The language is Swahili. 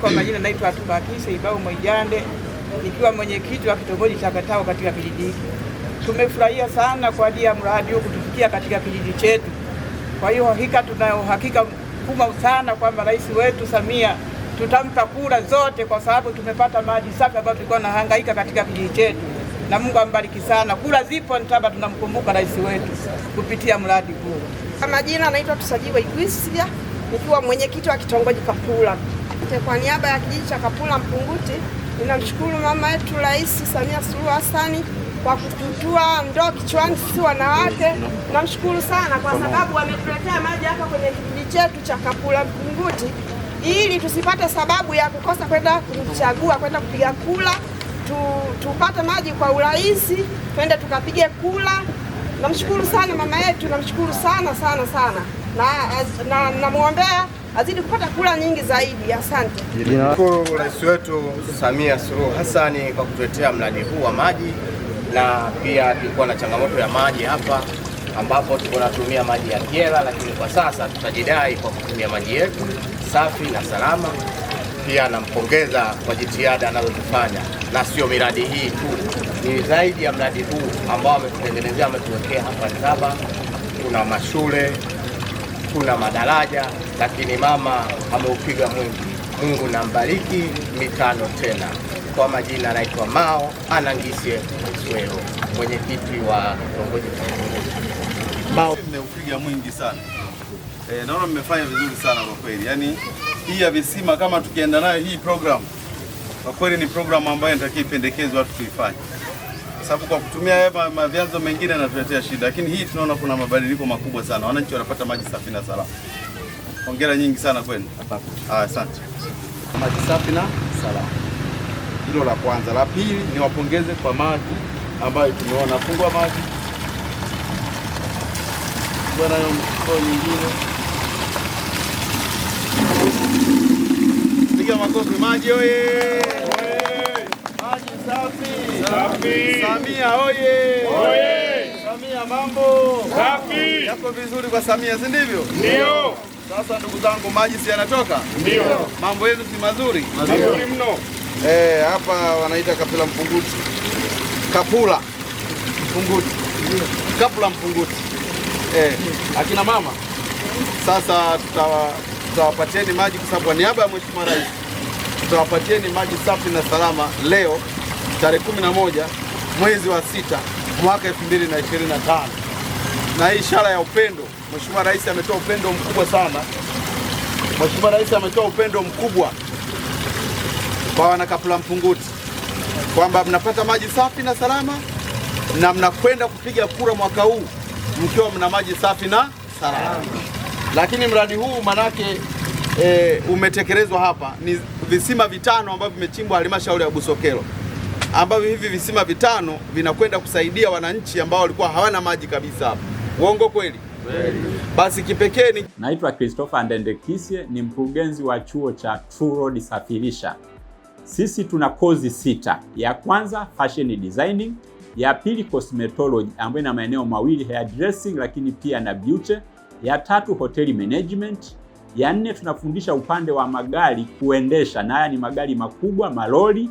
Kwa majina naitwa Tubakise Ibao Mwijande, nikiwa mwenyekiti wa kitongoji cha Katao katika kijiji hiki. Tumefurahia sana kwa ajili ya mradi huu kutufikia katika kijiji chetu. Kwa hiyo hakika tuna uhakika kubwa sana kwamba rais wetu Samia tutampa kura zote, kwa sababu tumepata maji safi ambayo tulikuwa nahangaika katika kijiji chetu, na Mungu ambariki sana. Kura zipo nitaba, tunamkumbuka rais wetu kupitia mradi huu. Kwa majina naitwa Tusajiwe Igwisia nikiwa mwenyekiti wa kitongoji Kapula. Kwa niaba ya kijiji cha Kapula Mpunguti, ninamshukuru mama yetu Rais Samia Suluhu Hassan kwa kututua ndoo kichwani sisi wanawake. Namshukuru sana kwa sababu wametuletea maji hapa kwenye kijiji chetu cha Kapula Mpunguti ili tusipate sababu ya kukosa kwenda kumchagua kwenda kupiga kula tu, tupate maji kwa urahisi twende tukapige kula. Namshukuru sana mama yetu, namshukuru sana sana sana, namwombea na, na, na azidi kupata kura nyingi zaidi. Asante. Shukuru Rais wetu Samia Suluhu Hassan kwa kutuletea mradi huu wa maji, na pia tulikuwa na changamoto ya maji hapa ambapo tulikuwa tunatumia maji ya Kyela, lakini kwa sasa tutajidai kwa kutumia maji yetu safi na salama. Pia nampongeza kwa jitihada anazozifanya, na sio miradi hii tu, ni zaidi ya mradi huu ambao ametutengenezea, ametuwekea hapa saba kuna mashule kuna madaraja, lakini mama ameupiga mwingi. Mungu nambariki mitano tena. Kwa majina anaitwa Mao Anangisie Mswero, mwenyekiti wa kitongoji Mao. Mmeupiga mwingi sana e, naona mmefanya vizuri sana kwa kweli. Yaani hii ya visima kama tukienda nayo hii program, kwa kweli ni program ambayo nitakipendekezwa watu tuifanye sababu kwa kutumia haya mavyanzo mengine yanatuletea shida, lakini hii tunaona kuna mabadiliko makubwa sana, wananchi wanapata maji safi na salama. Hongera nyingi sana kwenu, asante. Ah, maji safi na salama, hilo la kwanza. La pili ni wapongeze kwa maji ambayo tumeona fungwa maji nayo mkoa nyingine piga makofi maji oye! Safi. Samia oye. Oye. Samia mambo. Safi. Yako vizuri kwa Samia, si ndivyo? Ndio. Sasa ndugu zangu, maji si yanatoka? Ndio. Mambo yetu si mazuri? Mazuri mno. Eh, hapa wanaita kapila mpunguti. Kapula mpunguti. Kapula mpunguti. Eh, akina mama sasa tutawapatieni maji kwa sababu kwa niaba ya Mheshimiwa Rais tutawapatieni maji safi na salama leo tarehe 11 mwezi wa sita mwaka 2025. Na hii ishara ya upendo, Mheshimiwa Rais ametoa upendo mkubwa sana. Mheshimiwa Rais ametoa upendo mkubwa kwa wanakapula Mpunguti kwamba mnapata maji safi na salama na mnakwenda kupiga kura mwaka huu mkiwa mna maji safi na salama. Lakini mradi huu manake e, umetekelezwa hapa ni visima vitano ambavyo vimechimbwa halmashauri ya Busokelo ambavyo hivi visima vitano vinakwenda kusaidia wananchi ambao walikuwa hawana maji kabisa hapa. Uongo kweli? Basi kipekee ni... Naitwa Christopher Ndendekisye ni mkurugenzi wa chuo cha True Road Safirisha. Sisi tuna kozi sita. Ya kwanza fashion designing, ya pili cosmetology ambayo ina maeneo mawili hair dressing, lakini pia na beauty. Ya tatu hoteli management, ya nne tunafundisha upande wa magari kuendesha, na haya ni magari makubwa, malori